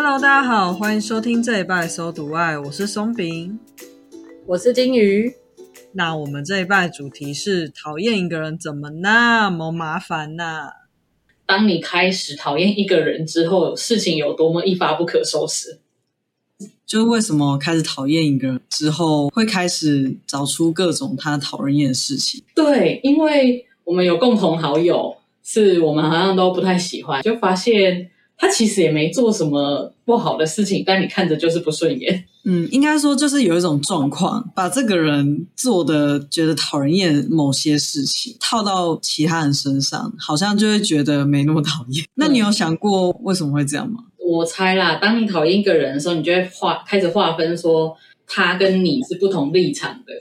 Hello，大家好，歡迎收聽這一拜 So Doi，我是鬆餅，我是金魚。那我們這一拜主題是討厭一個人怎麼那麼麻煩呢、啊？當你開始討厭一個人之後，事情有多麼一發不可收拾？就為什麼開始討厭一個人之後，會開始找出各種他討人厭的事情？對，因為我們有共同好友，是我們好像都不太喜歡，就發現。他其實也沒做什麼不好的事情，但你看着就是不順眼。嗯，應該說就是有一種狀況，把這個人做的覺得討人厭某些事情套到其他人身上，好像就會覺得沒那麼討厭。那你有想過為什麼會這樣嗎？我猜啦，當你討厭一個人的時候，你就會劃，開始劃分說他跟你是不同立場的，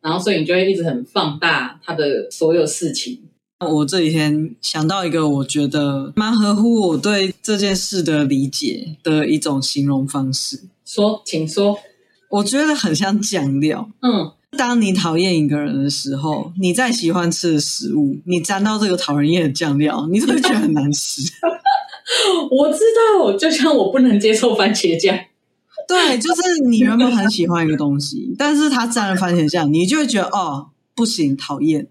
然後所以你就會一直很放大他的所有事情。我這幾天想到一個，我覺得蠻合乎我對這件事的理解的一種形容方式。說。請說。我覺得很像醬料。嗯，當你討厭一個人的時候，你再喜歡吃的食物，你沾到這個討人厭的醬料，你就會覺得很難吃。 我知道，就像我不能接受番茄醬。對，就是你原本很喜歡一個東西， 但是他沾了番茄醬，你就會覺得哦，不行，討厭。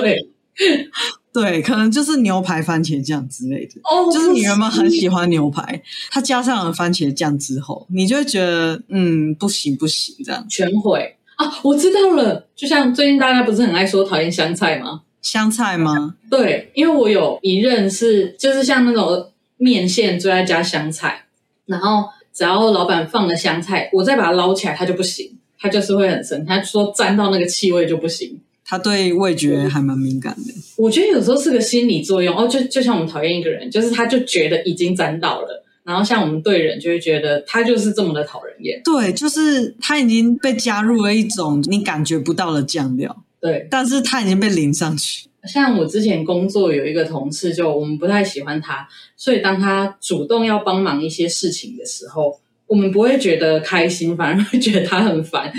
對。 對，可能就是牛排番茄醬之類的，哦，就是你原本很喜歡牛排，它加上了番茄醬之後，你就會覺得嗯，不行不行，這樣。全毀。啊，我知道了，就像最近大家不是很愛說討厭香菜嗎？香菜嗎？對，因為我有一任是就是像那種麵線最愛加香菜，然後只要老闆放了香菜，我再把它撈起來，它就不行，它就是會很生，它說沾到那個氣味就不行。他對味覺還蠻敏感的。我覺得有時候是個心理作用哦，就就像我們討厭一個人，就是他就覺得已經沾到了，然後像我們對人就會覺得他就是這麼的討人厭。對，就是他已經被加入了一種你感覺不到的醬料，對，但是他已經被淋上去。像我之前工作有一個同事，就我們不太喜歡他，所以當他主動要幫忙一些事情的時候，我們不會覺得開心，反而會覺得他很煩。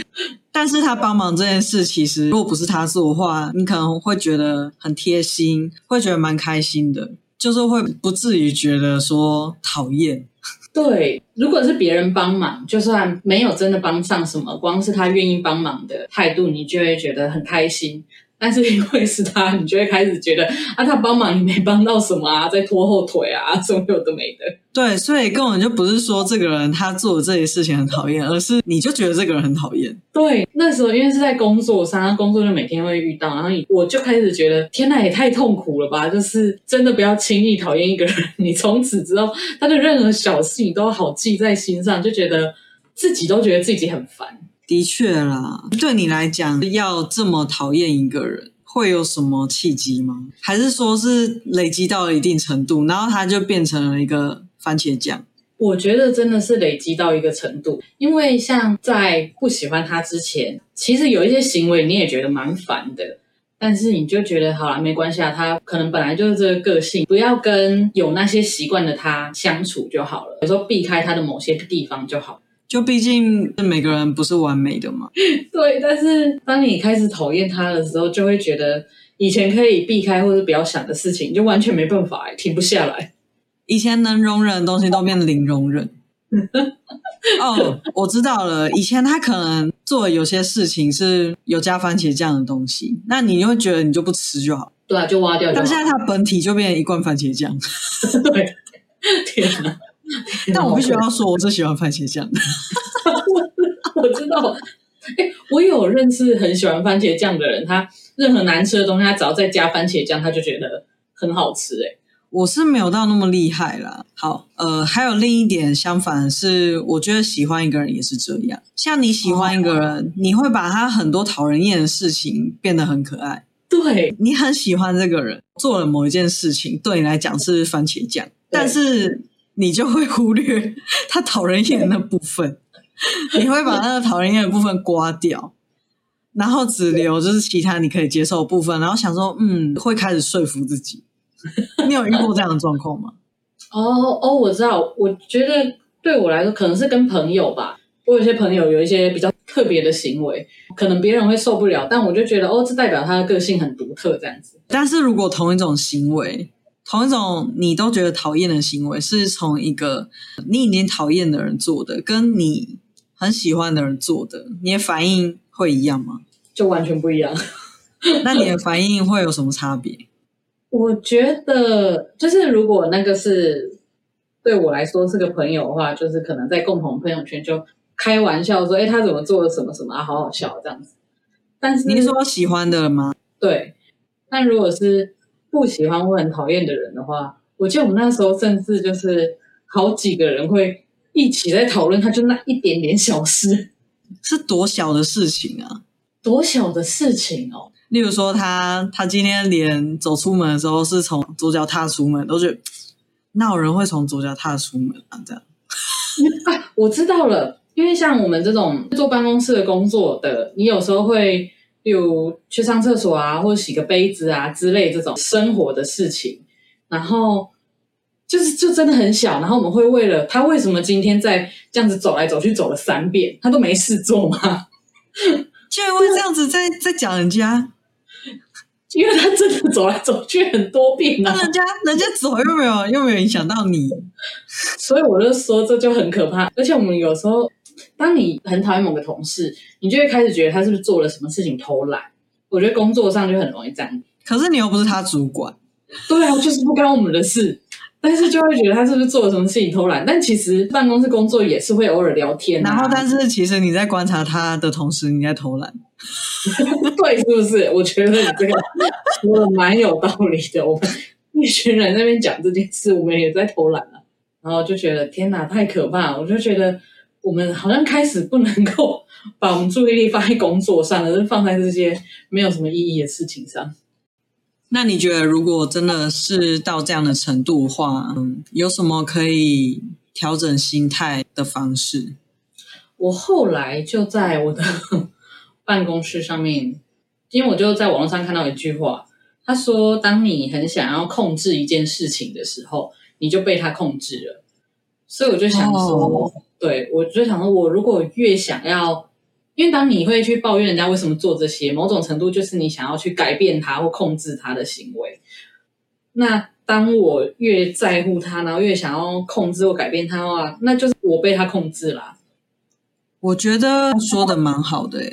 但是他幫忙這件事，其實如果不是他做的話，你可能會覺得很貼心，會覺得蠻開心的，就是會不至於覺得說討厭。對，如果是別人幫忙，就算沒有真的幫上什麼，光是他願意幫忙的態度，你就會覺得很開心。但是因為是他，你就會開始覺得啊，他幫忙你沒幫到什麼啊，在拖後腿啊，什麼有的沒的。對，所以根本就不是說這個人他做的這些事情很討厭，而是你就覺得這個人很討厭。對，那時候因為是在工作上，他工作就每天會遇到，然後我就開始覺得，天哪，也太痛苦了吧！就是真的不要輕易討厭一個人，你從此之後他的任何小事情你都好記在心上，就覺得自己都覺得自己很煩。的確啦，對你來講，要這麼討厭一個人，會有什麼契機嗎？還是說是累積到了一定程度，然後他就變成了一個番茄醬？我覺得真的是累積到一個程度，因為像在不喜歡他之前，其實有一些行為你也覺得蠻煩的，但是你就覺得好啦，沒關係啊，他可能本來就是這個個性，不要跟有那些習慣的他相處就好了，有時候避開他的某些地方就好了。就畢竟是每個人不是完美的嘛。對，但是當你開始討厭他的時候，就會覺得以前可以避開或者比較想的事情，就完全沒辦法，停不下來。以前能容忍的東西都變零容忍。哦、 oh，我知道了。以前他可能做有些事情是有加番茄醬的東西，那你就會覺得你就不吃就好。對啊，就挖掉就好。但現在他本體就變成一罐番茄醬。 對，天哪！但我必須要說，我最喜歡番茄醬。 我知道、欸，我有認識很喜歡番茄醬的人，他任何難吃的東西，他只要再加番茄醬，他就覺得很好吃、欸。我是沒有到那麼厲害啦。好，呃，還有另一點，相反是，我覺得喜歡一個人也是這樣。像你喜歡一個人，嗯啊、你會把他很多討人厭的事情變得很可愛。對，你很喜歡這個人做了某一件事情，對你來講是番茄醬，但是。你就會忽略他討人厭的那部分，你會把那個討人厭的部分刮掉，然後只留就是其他你可以接受的部分，然後想說，嗯，會開始說服自己。你有遇過這樣的狀況嗎？ 哦哦，我知道。我覺得對我來說，可能是跟朋友吧。我有些朋友有一些比較特別的行為，可能別人會受不了，但我就覺得，哦，這代表他的個性很獨特這樣子。但是如果同一種行為，同一種你都覺得討厭的行為，是從一個你已經討厭的人做的，跟你很喜歡的人做的，你的反應會一樣嗎？就完全不一樣。 那你的反應會有什麼差別？ 我覺得，就是如果那個是對我來說是個朋友的話，就是可能在共同朋友圈就開玩笑說：“哎，他怎麼做了什麼什麼，啊、好好笑這樣子。”但是你說喜歡的嗎？對。但如果是？不喜歡或很討厭的人的話，我記得我們那時候甚至就是好幾個人會一起在討論他，他就那一點點小事，是多小的事情啊，多小的事情哦。例如說他，他他今天連走出門的時候是從左腳踏出門，都覺得，哪有人會從左腳踏出門啊？這樣、啊、我知道了，因為像我們這種坐辦公室的工作的，你有時候會。例如去上廁所啊，或者洗個杯子啊之類這種生活的事情，然後就是就真的很小。然後我們會為了他為什麼今天在這樣子走來走去走了三遍，他都沒事做嗎？就會這樣子在 在講人家，因為他真的走來走去很多遍他、啊、人家人家走又沒有又沒有影響到你， 所以我就說這就很可怕。而且我們有時候。當你很討厭某個同事，你就會開始覺得他是不是做了什麼事情偷懶。我覺得工作上就很容易這樣。可是你又不是他主管。對啊，就是不關我們的事，但是就會覺得他是不是做了什麼事情偷懶。但其實辦公室工作也是會偶爾聊天、啊。然後，但是其實你在觀察他的同時，你在偷懶。 對，是不是？我覺得你這個說的蠻有道理的。我們一群人在那邊講這件事，我們也在偷懶了、啊。然後就覺得天哪，太可怕了！我就覺得。我們好像開始不能夠把我們注意力放在工作上，而是放在這些沒有什麼意義的事情上。那你覺得，如果真的是到這樣的程度的話，嗯，有什麼可以調整心態的方式？我後來就在我的辦公室上面，因為我就在網絡上看到一句話，他說：“當你很想要控制一件事情的時候，你就被他控制了。”所以我就想說。哦對，我就想說，我如果越想要，因為當你會去抱怨人家為什麼做這些，某種程度就是你想要去改變他或控制他的行為。那當我越在乎他，然後越想要控制或改變他的話，那就是我被他控制了啊。我覺得說的蠻好的，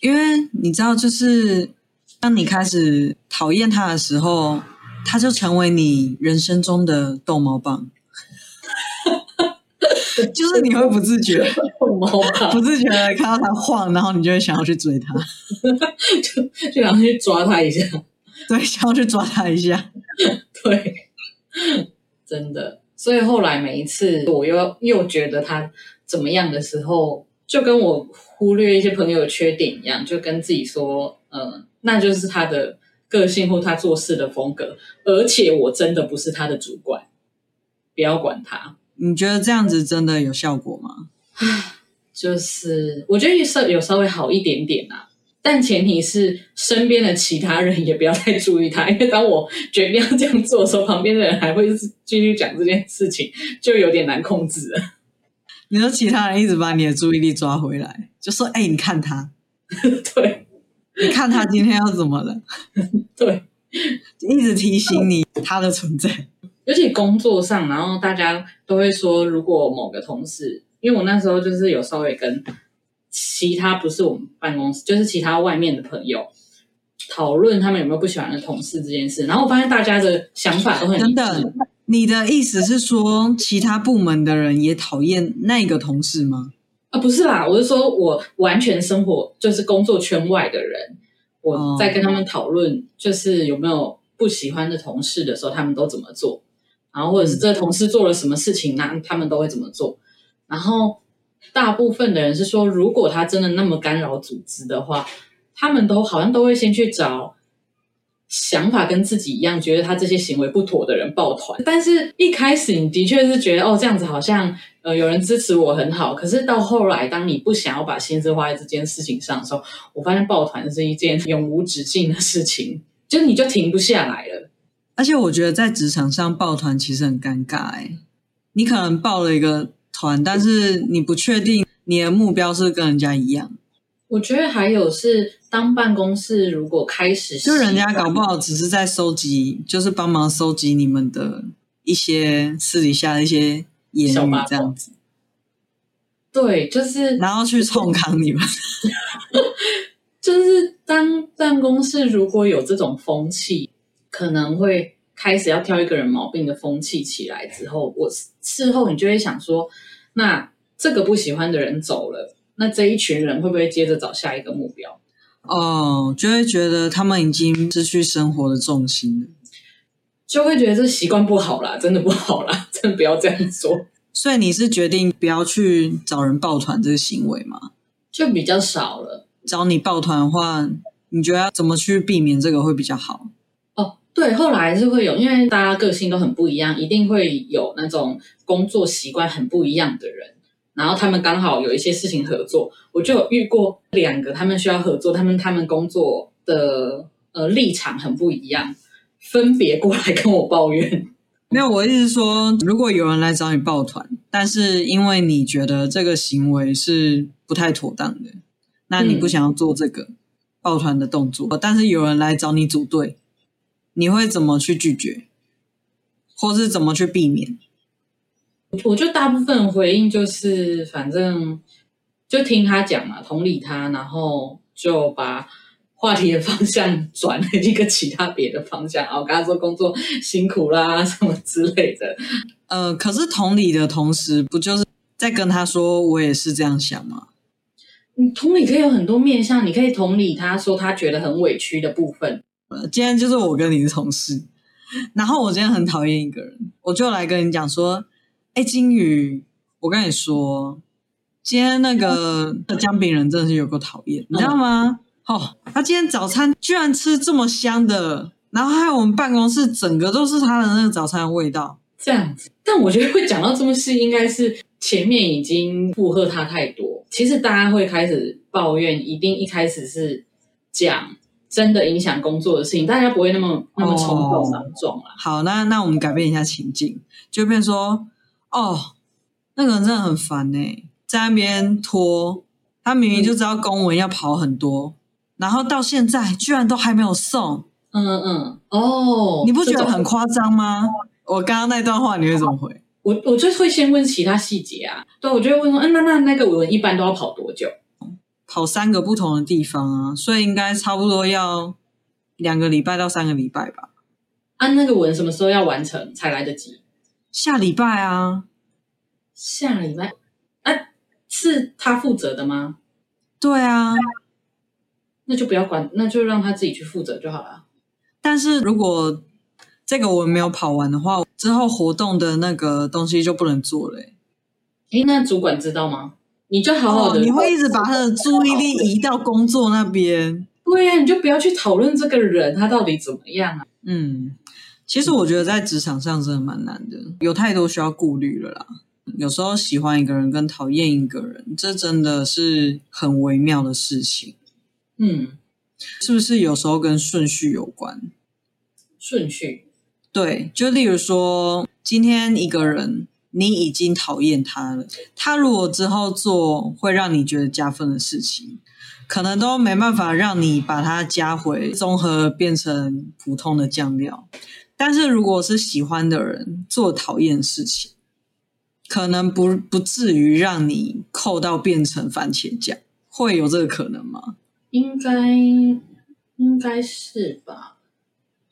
因為你知道，就是當你開始討厭他的時候，他就成為你人生中的逗貓棒。就是你會不自覺 不自覺看到他晃，然後你就會想要去追他 就就想要去抓他一下。對，想要去抓他一下。對，真的。所以後來每一次我又又覺得他怎麼樣的時候，就跟我忽略一些朋友的缺點一樣，就跟自己說：嗯、呃，那就是他的個性或他做事的風格。而且我真的不是他的主管，不要管他。你覺得這樣子真的有效果嗎？就是我覺得預設有稍微好一點點啊，但前提是身邊的其他人也不要太注意他，因為當我決定要這樣做的時候，旁邊的人還會繼續講這件事情，就有點難控制了。你說其他人一直把你的注意力抓回來，就說：“哎、欸，你看他， 對，你看他今天要怎麼了？” 對，一直提醒你他的存在。尤其工作上，然後大家都會說，如果某個同事，因為我那時候就是有稍微跟其他不是我們辦公室，就是其他外面的朋友討論他們有沒有不喜歡的同事這件事，然後我發現大家的想法都很一致。等等，你的意思是說，其他部門的人也討厭那個同事嗎？啊，不是啦，我是說我完全生活就是工作圈外的人，我在跟他們討論就是有沒有不喜歡的同事的時候，他們都怎麼做？然後，或者是這同事做了什麼事情，那他們都會怎麼做？然後，大部分的人是說，如果他真的那麼干擾組織的話，他們都好像都會先去找想法跟自己一樣，覺得他這些行為不妥的人抱團。但是，一開始你的確是覺得哦，這樣子好像呃有人支持我很好。可是到後來，當你不想要把心思花在這件事情上的時候，我發現抱團是一件永無止境的事情，就你就停不下來了。而且我覺得在職場上抱團其實很尷尬誒，你可能抱了一個團，但是你不確定你的目標是跟人家一樣。我覺得還有是當辦公室如果開始，就人家搞不好只是在收集，就是幫忙收集你們的一些私底下的一些言語這樣子。對，就是然後去沖康你們。 就是當辦公室如果有這種風氣，可能會開始要挑一個人毛病的風氣起來之後，我事後你就會想說，那這個不喜歡的人走了，那這一群人會不會接着找下一個目標？哦、oh，就會覺得他們已經失去生活的重心了，就會覺得這習慣不好啦，真的不好啦，真的不要這樣說。所以你是決定不要去找人抱團這個行為嗎？就比較少了。找你抱團的話，你覺得要怎麼去避免這個會比較好？對，後來還是會有，因為大家個性都很不一樣，一定會有那種工作習慣很不一樣的人，然後他們剛好有一些事情合作，我就有遇過兩個，他們需要合作，他們他們工作的，呃，立場很不一樣，分別過來跟我抱怨。沒有，我意思是說，如果有人來找你抱團，但是因為你覺得這個行為是不太妥當的，那你不想要做這個、嗯、抱團的動作，但是有人來找你組隊。你會怎麼去拒絕，或是怎麼去避免？我覺得大部分回應就是，反正就聽他講嘛，同理他，然後就把話題的方向轉了一個其他別的方向。我跟他說工作辛苦啦，啊，什麼之類的。呃，可是同理的同時，不就是在跟他說我也是這樣想嗎？你同理可以有很多面向，你可以同理他說他覺得很委屈的部分。今天就是我跟你的同事，然後我今天很討厭一個人，我就來跟你講說，哎、欸，金宇，我跟你說，今天那個薑餅人真的是有夠討厭，你知道嗎？哦，他今天早餐居然吃這麼香的，然後還有，我們辦公室整個都是他的那個早餐的味道，這樣子。但我覺得會講到這麼細，應該是前面已經附和他太多，其實大家會開始抱怨，一定一開始是講。真的影響工作的事情，大家不會那麼那麼衝動莽撞啊、哦、好，那那我們改變一下情境，就變說，哦，那個人真的很煩誒、欸，在那邊拖，他明明就知道公文要跑很多，嗯、然後到現在居然都還沒有送。嗯嗯，哦，你不覺得很誇張嗎？我剛剛那段話你會怎麼回？我我就會先問其他細節啊，對我就會問說，嗯，那那那個文一般都要跑多久？跑三個不同的地方啊，所以應該差不多要兩個禮拜到三個禮拜吧。按、啊、那個文什麼時候要完成才來得及？下禮拜啊。下禮拜？哎、啊，是他負責的嗎？對啊。那就不要管，那就讓他自己去負責就好了。但是如果這個文沒有跑完的話，之後活動的那個東西就不能做了。哎，那主管知道嗎？你就好好的，哦，你會一直把他的注意力移到工作那邊。對呀，啊，你就不要去討論這個人他到底怎麼樣啊。嗯，其實我覺得在職場上真的蠻難的，有太多需要顧慮了啦。有時候喜歡一個人跟討厭一個人，這真的是很微妙的事情。嗯，是不是有時候跟順序有關？順序？對，就例如說今天一個人。你已經討厭他了，他如果之後做會讓你覺得加分的事情，可能都沒辦法讓你把它加回綜合變成普通的醬料。但是如果是喜歡的人做討厭事情，可能不不至於讓你扣到變成番茄醬，會有這個可能嗎？應該應該是吧，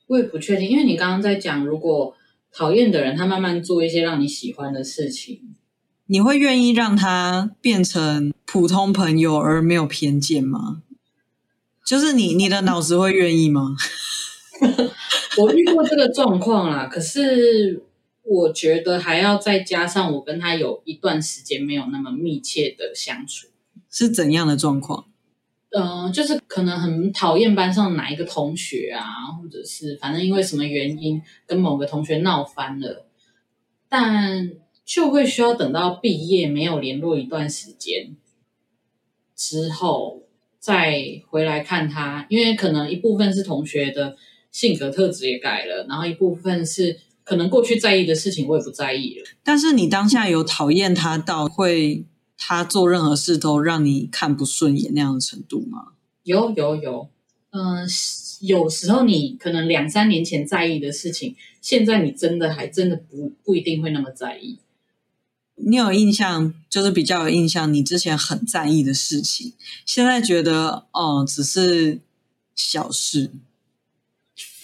我也不確定，因為你剛剛在講如果，討厭的人，他慢慢做一些讓你喜歡的事情，你會願意讓他變成普通朋友而沒有偏見嗎？就是你，你的腦子會願意嗎？ 我遇過這個狀況啦， 可是我覺得還要再加上我跟他有一段時間沒有那麼密切的相處，是怎樣的狀況？嗯、呃，就是可能很討厭班上哪一個同學啊，或者是反正因為什麼原因跟某個同學鬧翻了，但就會需要等到畢業沒有聯絡一段時間之後再回來看他，因為可能一部分是同學的性格特質也改了，然後一部分是可能過去在意的事情我也不在意了，但是你當下有討厭他到會。他做任何事都讓你看不順眼那樣的程度嗎？有有有，嗯、呃，有時候你可能兩三年前在意的事情，現在你真的還真的不不一定會那麼在意。你有印象，就是比較有印象，你之前很在意的事情，現在覺得哦，只是小事。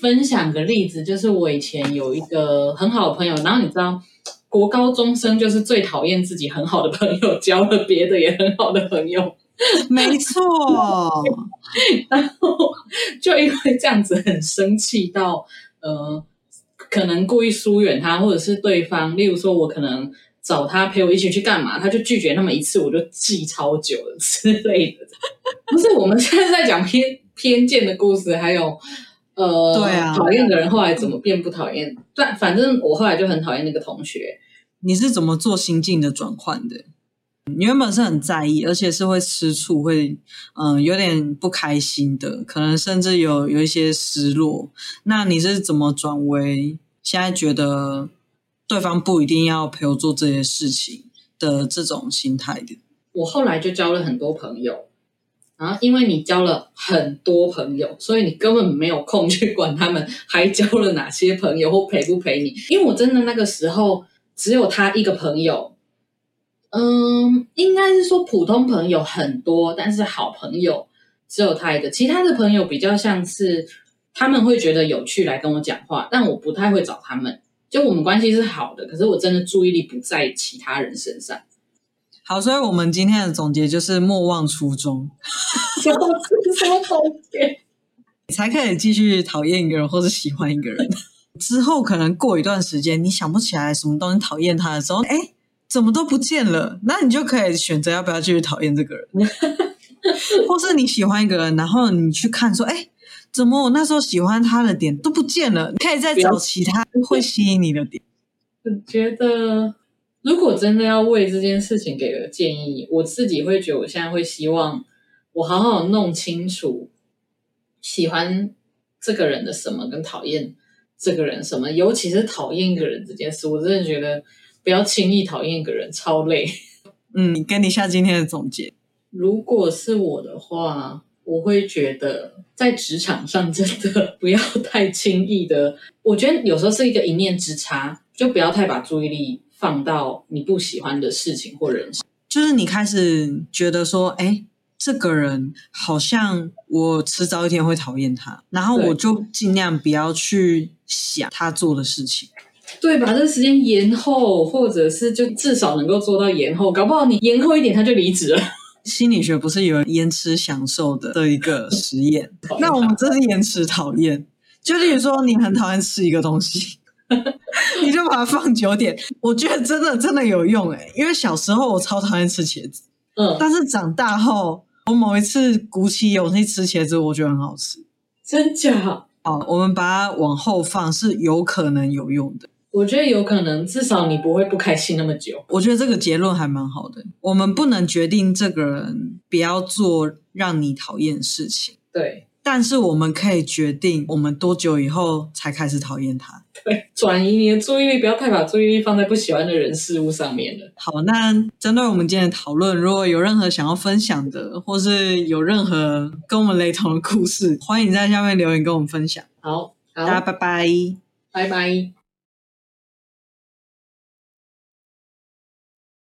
分享個例子，就是我以前有一個很好的朋友，然後你知道。國高中生就是最討厭自己很好的朋友交了別的也很好的朋友，沒錯。 然後就因為這樣子很生氣，到呃，可能故意疏遠他，或者是對方，例如說我可能找他陪我一起去幹嘛，他就拒絕那麼一次，我就記超久了之類的。 不是，我們現在在講偏偏見的故事，還有。呃，對啊，討厭的人後來怎麼變不討厭？嗯？但反正我後來就很討厭那個同學。你是怎麼做心境的轉換的？你原本是很在意，而且是會吃醋，會嗯、呃、有點不開心的，可能甚至有有一些失落。那你是怎麼轉為現在覺得對方不一定要陪我做這些事情的這種心態的？我後來就交了很多朋友。然後，因為你交了很多朋友，所以你根本沒有空去管他們還交了哪些朋友或陪不陪你。因為我真的那個時候只有他一個朋友，嗯，應該是說普通朋友很多，但是好朋友只有他一個。其他的朋友比較像是他們會覺得有趣來跟我講話，但我不太會找他們。就我們關係是好的，可是我真的注意力不在其他人身上。好，所以我們今天的總結就是莫忘初衷。莫忘初衷總結，你才可以繼續討厭一個人，或者喜歡一個人。之後可能過一段時間，你想不起來什麼東西討厭他的時候，哎，怎麼都不見了？那你就可以選擇要不要繼續討厭這個人，或是你喜歡一個人，然後你去看說，哎，怎麼我那時候喜歡他的點都不見了？你可以再找其他會吸引你的點。我覺得。如果真的要為這件事情給個建議，我自己會覺得，我現在會希望我好好弄清楚喜歡這個人的什麼，跟討厭這個人什麼，尤其是討厭一個人這件事，我真的覺得不要輕易討厭一個人，超累。嗯，跟你下今天的總結，如果是我的話，我會覺得在職場上真的不要太輕易的，我覺得有時候是一個一念之差，就不要太把注意力放到你不喜歡的事情或人生。就是你開始覺得說，哎，這個人好像我遲早一天會討厭他，然後我就盡量不要去想他做的事情。對，把這個時間延後，或者是就至少能夠做到延後，搞不好你延後一點他就離職了。心理學不是有人延遲享受的這一個實驗？ 那我們這是延遲討厭。就比如說，你很討厭吃一個東西。 你就把它放久點，我覺得真的真的有用哎、欸，因為小時候我超討厭吃茄子，嗯，但是長大後我某一次鼓起勇氣吃茄子，我覺得很好吃。真假？好，我們把它往後放，是有可能有用的。我覺得有可能，至少你不會不開心那麼久。我覺得這個結論還蠻好的。我們不能決定這個人不要做讓你討厭的事情，對。但是我們可以決定，我們多久以後才開始討厭他。對，轉移你的注意力，不要太把注意力放在不喜歡的人事物上面了。好，那針對我們今天的討論，如果有任何想要分享的，或是有任何跟我們雷同的故事，歡迎在下面留言跟我們分享。好，好，大家拜拜，拜拜。